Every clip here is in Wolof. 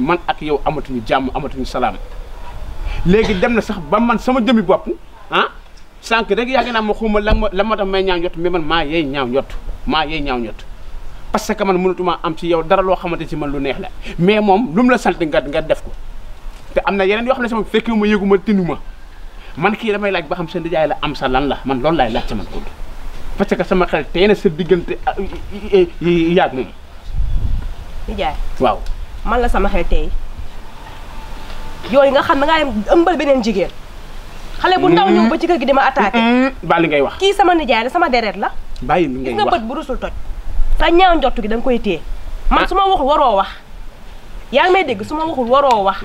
man ak yow amatuñu jàmm amatuñu salaam léegi dem na sax ba man sama jëmmi bopp ah sànq rek yàgg naa ma lan ma lan ma may ñaaw njott man maa yey ñaaw njott maa yey ñaaw njott parce que man mënatuma am ci yow dara loo xamante ci man lu neex la mais moom lu la sant nga nga def ko te am na yeneen yoo xam ne sama fekkee ma yëgu ma tinu man kii damay laaj ba xam sa nijaay la am sa lan la man loolu laay laaj ci man ko parce que sama xel tey na sa diggante yàgg moom nijaay waaw man la sama xel tey yooyu nga xam na ngaa dem beneen jigéen. xale bu ndaw ñëw ba ci kër gi dima attaqué. Mm-hmm. Mm-hmm. baa li ngay wax kii sama nijaay la sama deret la. bàyyi li ngay wax gis nga bët bu rusul gi da koy téye. man ah. su ma waxul waroo wax. yaa ngi may dégg su ma waxul waroo wax.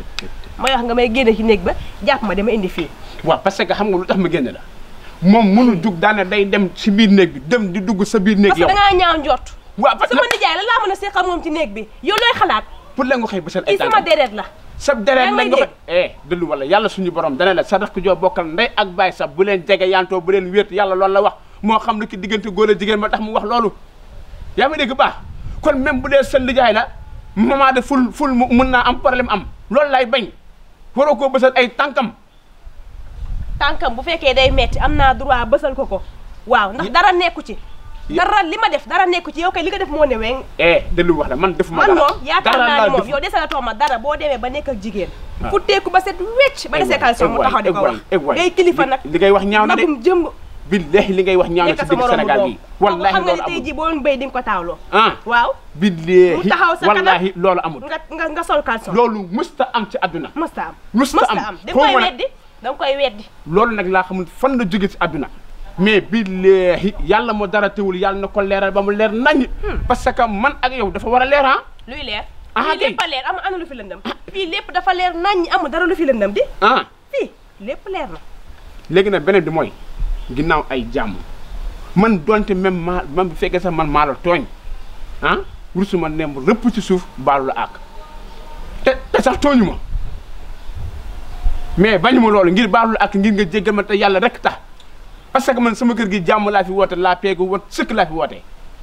may wax nga may génne ci néeg ba jàpp ma dama indi fii. waaw parce que xam nga lu tax ma génne la moom mënul jug daane day dem ci biir néeg bi dem di dugg sa biir néeg yow. parce que da ngaa ñaaw njott. laa mën a seqal moom ci néeg bi yow looy xalaat pour la nga xëy ba seen ay sama déret la sa déret la nga xëy eh, wala yàlla suñu borom dana la sa rakk joo bokkal ndey ak baay sa bu leen jege yantoo bu leen wéet yàlla loolu la wax moo xam ne ki diggante góor a jigéen ma tax mu wax loolu yaa ngi dégg baax kon même bu dee seen lijaay la moment de ful ful mun naa am problème am loolu lay bañ waroo koo bësal ay tànkam tànkam bu fekkee day metti am naa droit bësal ko ko waaw ndax dara nekku ci dara li ma def dara nekku ci yow kay li nga def moo ne weng eh déglu wax la man defuma dara man moom yaakaar naa ni moom yow desalatoo ma dara boo demee ba nekk ak jigéen fu ah. teeku ba set wecc ba desee calcium mu taxaw di ko wax ngay kilifa nag li ngay wax ñaaw na de jëmb billahi li ngay wax ñaaw na ci biir Sénégal bi wallahi loolu amul xam nga nga ko taawloo ah waaw billahi wallahi loolu amul nga am ci àdduna am am da nga koy weddi da nga koy weddi loolu nag laa xamul fan la jóge ci àdduna mais billahi yàlla moo dara teewul yàlla na ko leeral ba mu leer nañ hmm. parce que man ak yow dafa war a leer ah. luy leer. ah lépp a leer am ana lu fi lëndëm. Ah. fii lépp dafa leer nañ amu dara lu fi lëndëm di. ah fii lépp leer na. léegi nag beneen bi mooy ginnaaw ay jàmm man donte même maa man bu fekkee sax man maa tooñ ah rusuma nem rëpp ci suuf baalu la àq te te tooñu ma mais bañu mu loolu ngir baalu la àq ngir nga jéggal ma te yàlla rek tax. parce que man sama kër gi jàmm laa fi woote laa peegu wat sëkk laa fi woote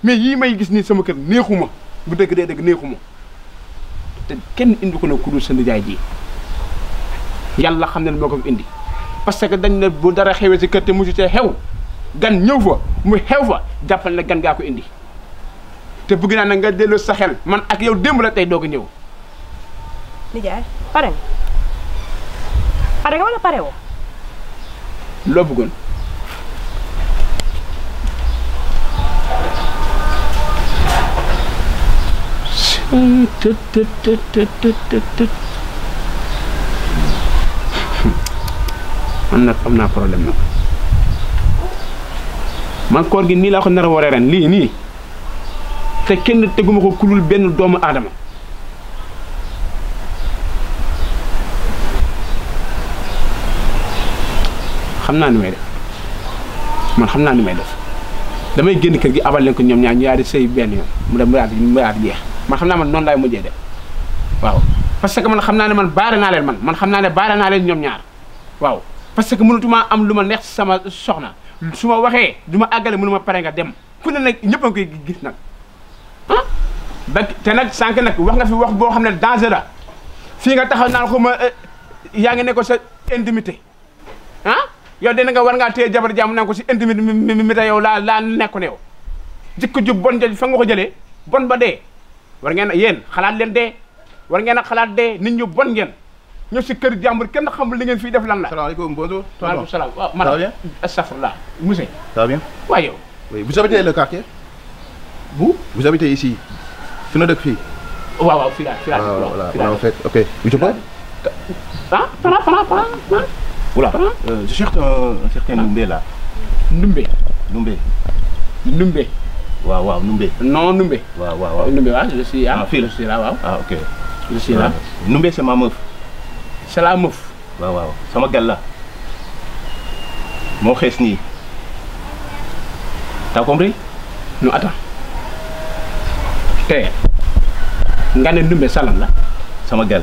mais yii may gis nii sama kër neexuma bu dëgg dee dëgg neexuma te kenn indi ko na ku dul sa nijaay ji yàlla xam ne moo ko fi indi parce que dañ ne bu dara xewee si kër te musu te xew gan ñëw fa mu xew fa jàppal na gan gaa ko indi te bëgg naa nag nga delloo sa xel man ak yow démb la tey doog a ñëw. nijaay pare nga pare man nag am naa problème nag man koor gi nii laa ko nar a waree ren lii nii te kenn teguma ko kulul benn doomu aadama xam naa ni may def man xam naa ni may def damay génn kër gi abal leen ko ñoom ñaar ñu yaa di sëy benn yoon mu dem mu yaatu mu yaatu jeex man xam naa man noonu laay mujjee def waaw parce que man xam naa ne man baare naa leen man man xam naa ne baare naa leen ñoom ñaar waaw parce que mënutuma am lu ma neex sama soxna su ma waxee du ma àggale mënuma pare nga dem ku ne nag ñëpp a ngi gis nag ah ba te nag sànq nag wax nga fi wax boo xam ne danger la fii nga taxaw naan xuma yaa ngi ne ko sa intimité ah yow dina nga war ngaa téye jabar jàmm naan ko si intimité mi yow laa laa nekkoon yow jikko ju bon ja fa nga ko jëlee bon ba dee war ngeen yéen xalaat leen dee war ngeen a xalaat dee nit ñu bon ngeen ñëw si kër jàmbur kenn xamul li ngeen fii def lan la. salaamaaleykum bonjour. maaleykum salaam waaw man. ça va bien astafurlah monsieur. ça va bien. waaw yow. oui vous habitez le quartier. vous. na dëkk fii. waaw waaw fii daal fii ah, daal. voilà voilà en fait ok. je parle. ah Fara Fara waaw waaw Numbe. non Numbe. waaw waaw waaw Numbe waaw je suis là. ah fii la je suis waaw. ah ok. je suis là. Numbe c'est ma sama gal la moo xees nii t'as compris. non attends te nga ne Numbe salam la. sama gal.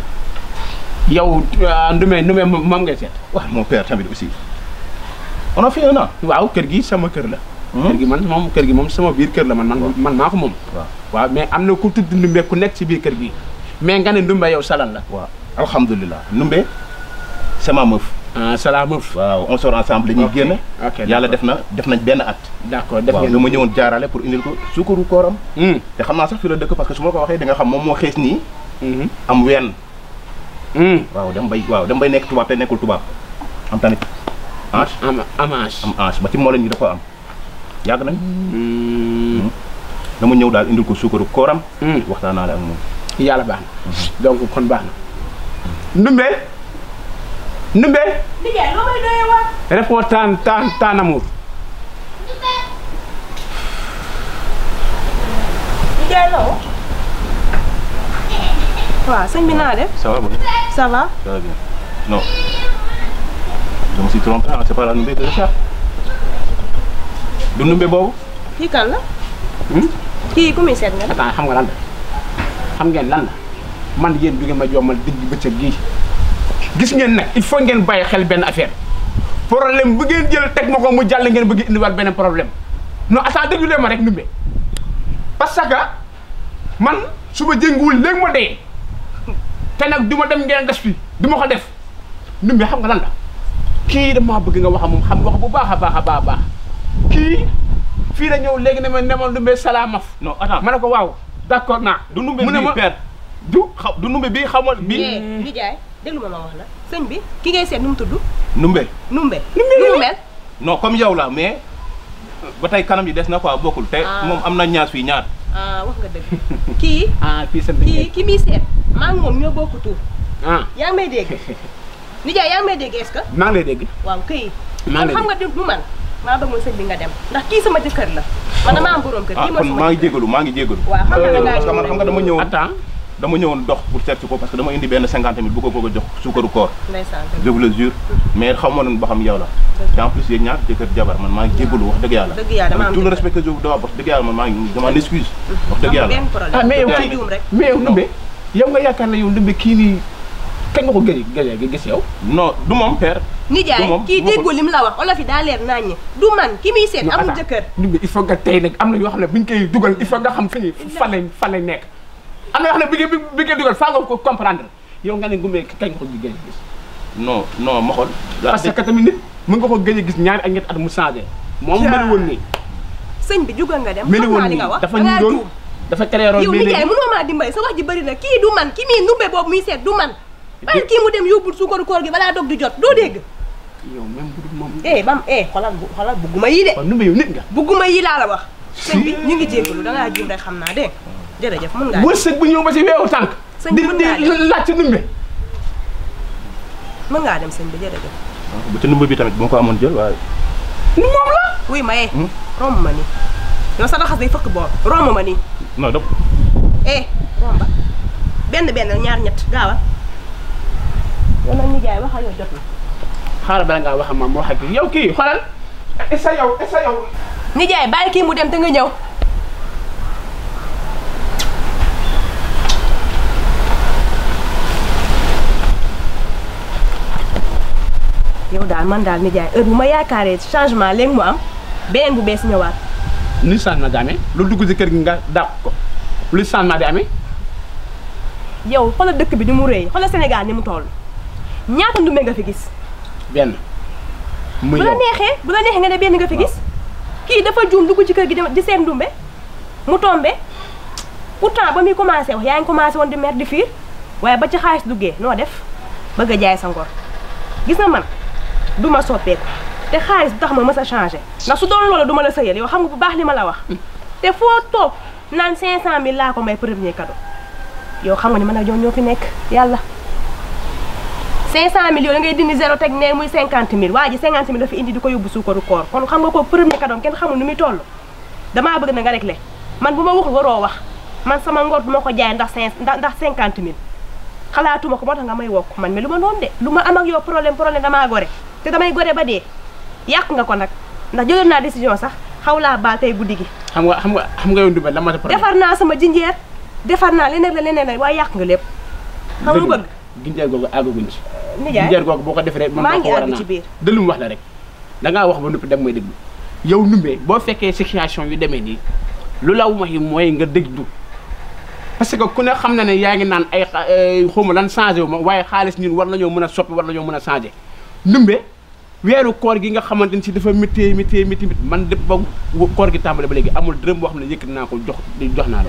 yow euh, Numbe Numbe moom ngay seet. waaw mon père tamit aussi on a fait un waaw kër gi sama kër la. kër gi man moom kër gi moom sama biir kër la man man man maa ko moom waaw mais am na ku tudd ndumbe ku nekk ci biir kër gi mais nga ne ndumbe yow salan la waaw alhamdulilah ndumbe sama mëf ah Salam Ouf. waaw on sort ensemble dañuy génn. yàlla def na def nañ benn at. d'accord def ngeen waaw ma ñëwoon jaarale pour indil ko suukaru kooram. Hmm. te xam naa sax fi la dëkk parce que su ma ko waxee da nga xam moom moo xees nii. Hmm. am wenn. Hmm. waaw dama bay waaw dama nekk tubaab te nekkul tubaab am tamit. am am ange am ange ba ci ñu dafa am. yàgg nañ. dama ñëw daal indil ko suukaru kooram. Hmm. waxtaan naa la ak moom. yàlla baax na. Hmm. donc kon baax na. Ndumbe. Ndumbe. liggéey loo may doyee waat. réponds tan tan tan amour. liggéey loo. waaw sëñ bi naa def. ça va bon. ça va. ça va bien non. je me suis trompé ah c'est pas la Ndumbe de Richard. dundumbe boobu. kii kan la. Hmm? kii ku muy seet nga. attends xam nga lan xam ngeen lan la man yéen jóge ma jommal digg bëccëg gii gis ngeen nag il faut ngeen bàyyi xel benn affaire problème bu ngeen jël teg ma ko mu jàll ngeen bëgg indiwaat beneen problème non attends déglu leen ma rek ndumbe parce que man su ma jënguwul léegi ma dee te nag du ma dem ngeen gas bi du ma ko def ndumbe xam nga lan la kii damaa bëgg nga wax moom xam wax bu baax a baax a baax a baax. kii fii la ñëw léegi ne ma ne ma Ndumbé salaamaf. non attends ma ne ko waaw d' accord naa. du Ndumbé bii père du xaw du Ndumbé bii xamal eh, bii. nijaay déglu ma ma wax la sëñ bi ki ngay seet nu mu tudd. Ndumbé. Ndumbé nu mu mel. non comme yow la mais ba tey kanam yi des na quoi bokkul te ah. moom am na ñaas fii ñaar. ah wax nga dëgg kii. ah fii sant kii ki muy seet. maa ngi moom ñoo bokk tur. ah yaa ngi may dégg. nijaay yaa ngi may dégg est ce que. maa ngi lay dégg. waaw kay. maa ngi lay dégg xam nga du man. maa ndax kii sama jëkkër la man damaa am borom kër kii mooy ah, sama maa ngi jégalu maa ngi jégalu euh, parce que dama indi benn cinquante mille bu ko a jox suukaru koor je vous le mm-hmm. mais xam ma ba xam yow la te en ñaar jëkkër jabar man maa ngi jégalu wax dëgg yàlla tout le respect que je vous dois wax dëgg yàlla man maa ngi dama excuse wax mm-hmm. dëgg yàlla ah, mais mais yow ndumbe yow nga yaakaar ne yow ndumbe kii nii kañ nga ko gëj gëj gi gis yow. non du moom père. nijaay kii déggoo lim la wax olof yi daa leer naa ñi du man ki muy seet amul jëkkër. ñu il faut nga tey nekk. am na yoo xam ne bi nga bi ko comprendre yow nga ne gis. non non ma parce que tamit nit mën nga ko gëj a gis ñaari ak ñetti at mu changé. moom mel nii. sëñ bi jugal nga dem. mel woon nii dafa ñu doon dafa créé yow nijaay mënoo maa dimbali sa wax ji bëri kii du man ki muy numbe boobu muy seet du man bàyyil kii mu dem gi balaa dog di jot doo dégg. yow même bu dul moom. eh, eh ma nga. yi laa wax. ñu ngi jéggalu da xam naa de. jërëjëf mën ngaa wërsëg bu ñëw ba ci mën ngaa dem sëñ bi jërëjëf. ko amoon jël waaye. ni moom la. wuy ma eh. Hmm? romb ma nii. yow sa raxas day fëkk boor romb ma nii. non dëpp. Eh, benn benn ñaar ñett gaawal Ndiaye wax ak yow yow kii xoolal. dem te nga ñëw. daal man daal Ndiaye heure bu ma yaakaaree changement léegi mu am beneen bu bees ñëwaat. ni changement di amee lu dugg ci kër gi nga dàq ko lu changement di amee. yow xoolal dëkk bi ni mu rëy xoolal Sénégal ni mu toll. ñaata ndumbe nga fi gis. benn. muy bu la neexee bu la neexee nga ne benn nga fi gis. kii dafa juum dugg ci kër gi di seen ndumbe mu tombe tombé pourtant ba muy commencé wax yaa ngi commencé woon di mer di fiir waaye ba ci xaalis duggee noo def bëgg jaay sa ngor gis na man du ma soppeeku te xaalis du tax ma mës a changé ndax su doon loolu du ma la sëyal yow xam nga bu baax li ma la wax te foo toog naan 500000 laa ko may premier cadeau yow xam nga ni man ak yow ñoo fi nekk yàlla. 500 mille yooyu ngay dindi zéro teg ne muy 50 mille waa ji 50 mille dafa indi di ko yóbbu suukaru koor kon xam nga ko premier kadoom kenn xamul nu muy toll damaa bëgg na nga réglé man bu ma waxul waroo wax man sama ngor du ma ko jaay ndax cinq ndax 50 mille xalaatuma ko moo tax nga may wokk man mi lu ma noonu de lu ma am ak yow problème problème damaa gore te damay gore ba dee yàq nga ko nag ndax jëloon naa décision sax xaw laa baal tey guddi gi. xam nga xam nga xam nga yow Ndoumbé la ma defar naa sama jinjeer defar naa leneen la leneen la waaye yàq nga lépp xam nga bëgg ginjeer googu àggaguñ ci. ginjeer googu boo ko defee rek. maa ngi àgg ci biir de wax la rek. dangaa wax ba noppi dem mooy déglu yow Ndoumbe boo fekkee situation yu demee nii lu la wax yi mooy nga du parce que ku ne xam na ne yaa ngi naan ay xawma lan changé wu waaye xaalis nii war nañoo mën a soppi war nañoo mën a changé Ndoumbe weeru koor gi nga xamante ni si dafa méttee méttee métti man dëpp ba koor gi tàmbale ba léegi amul dërëm boo xam ne yëkkati naa ko jox jox naa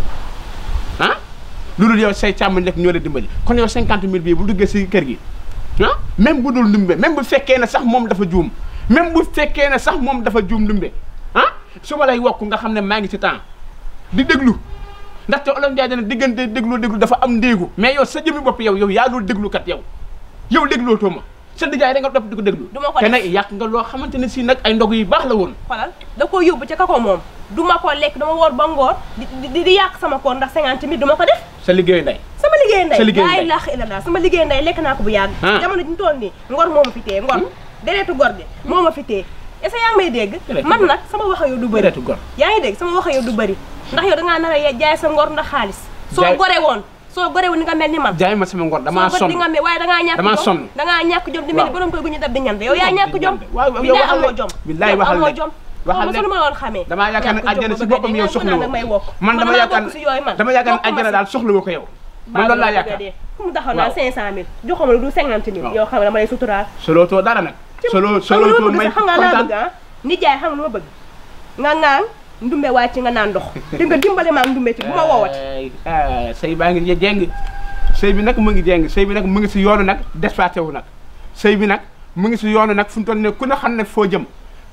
la lu dul yow say càmmoñ rek ñoo la dimbali kon yow cinquante mille bii bu duggee si kër gi ah même bu dul ndumbe même bu fekkee ne sax moom dafa juum même bu fekkee ne sax moom dafa juum ndumbe ah su ma lay wokk nga xam ne maa ngi si temps di déglu ndaxte olof Ndiaye dana diggante déglu déglu dafa am ndéegu mais yow sa jëmi bopp yow yow yaa dul déglu kat yow yow dégloo tooma sa dijaay rek nga topp di ko déglu te nag yàq nga loo xamante ne si nag ay ndog yu baax la woon xoolal da koo yóbbu ca kako moom du ma ko lekk dama woor ba ngoor di di yàq sama koor ndax cinquante mille du ma ko def sa liggéey nday sama liggéey nday laa ilaaha lekk naa ko bu yàgg ah. jamono ji ñu toll nii ngor moo ma fi téye ngor hmm? dereetu gor gi moo a fi téye est-ce que yaa dégg man nag sama wax yow du bëri dereetu gor yaa ngi sama wax yow du bëri ndax yow dangaa nar a jaay sa ngor ndax xaalis soo gore woon soo gore woon ni nga mel ni man jaay ma sama ngor damaa sonn nga ñàkk jom di mel ni borom koy gu ñu dab di ñam yow yaa ñàkk jom waxal leen ma woon xamee damaa yaakaar ne àjjana si boppam yow soxla woo man dama yaakaar ne dama yaakaar ne àjjana daal soxla woo ko yow man loolu laa yaakaar fu mu taxaw naa cinq cent mille joxoma lu du cinquante mille yoo xam ne dama lay suturaal solo too dara nag solo solo too may xam nga laa bëgg ah nit jaay xam nga lu ma bëgg nga ngaan ndumbe waa ci nga naan ndox te nga dimbale maa ndumbe ci bu ma woowat eh, eh, sëy baa ngi jéng sëy bi nag mu ngi jéng sëy bi nag mu ngi si yoonu nag despaté wu nag sëy bi nag mu ngi si yoonu nag fu mu toll ne ku ne xam ne foo jëm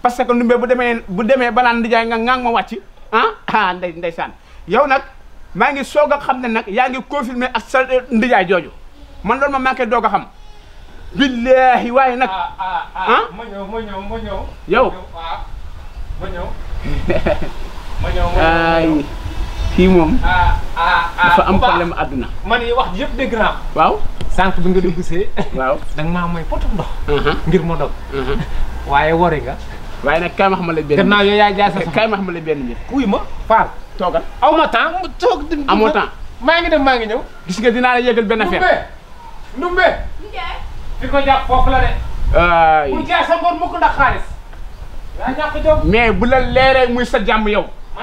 parce que ndumbe bu demee bu demee banaan ndijaay nga ngang ma wàcc ah, ah nday ndeysaan yow nag maa ngi soog a xam ne nag yaa ngi confirmé ak sa eh, ndijaay jooju man loolu ma manqué doog a xam billaahi waaye ah moom ah, ah, dafa am problème wax yëpp dégg naa waaw sànq mhm. ngir ma dog mhm. waaye wari nga waaye nag kaay ma xamal la benn. gannaaw yow yaay jaay ma xamal la benn bi. toogal. aw ma mu toog di. amoo maa ngi dem maa ngi ñëw. gis nga dinaa la yëgal benn affaire. ko jàpp mais bu la leeree muy sa jàmm yow. ma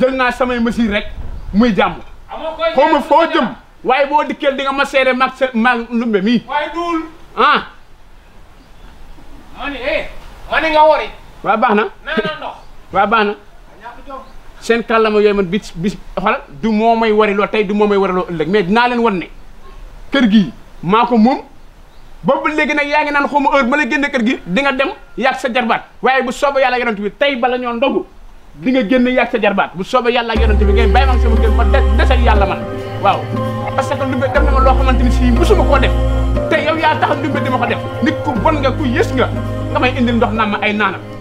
jël naa samay mesures rek muy jàmm. amoo koy xaw foo jëm. waaye boo dikkee di nga ma seere mag sa mag mii. waaye duul. Ah. ma ne nga waa baax na naanaa waa baax na seen kàllama yooyu man bis bi xoolal du moo may wari loo tey du moo may wari loo ëllëg mais dinaa leen wan ne kër gi maa ko moom boobu léegi nag yaa ngi naan xawma heure ma la génne kër gi di nga dem yàgg sa jarbaat waaye bu sooba yàlla yonent bi tey bala ñoo ndogu di nga génn yàgg sa jarbaat bu sooba yàlla yonent bi ngay bàyyi ma sama kër ma desal yàlla man waaw parce que Ndoumbe def na ma loo xamante ni musuma koo def te yow yaa tax Ndoumbe di ko def nit ku bon nga ku yës nga nga may indil ndox naan ma ay naanam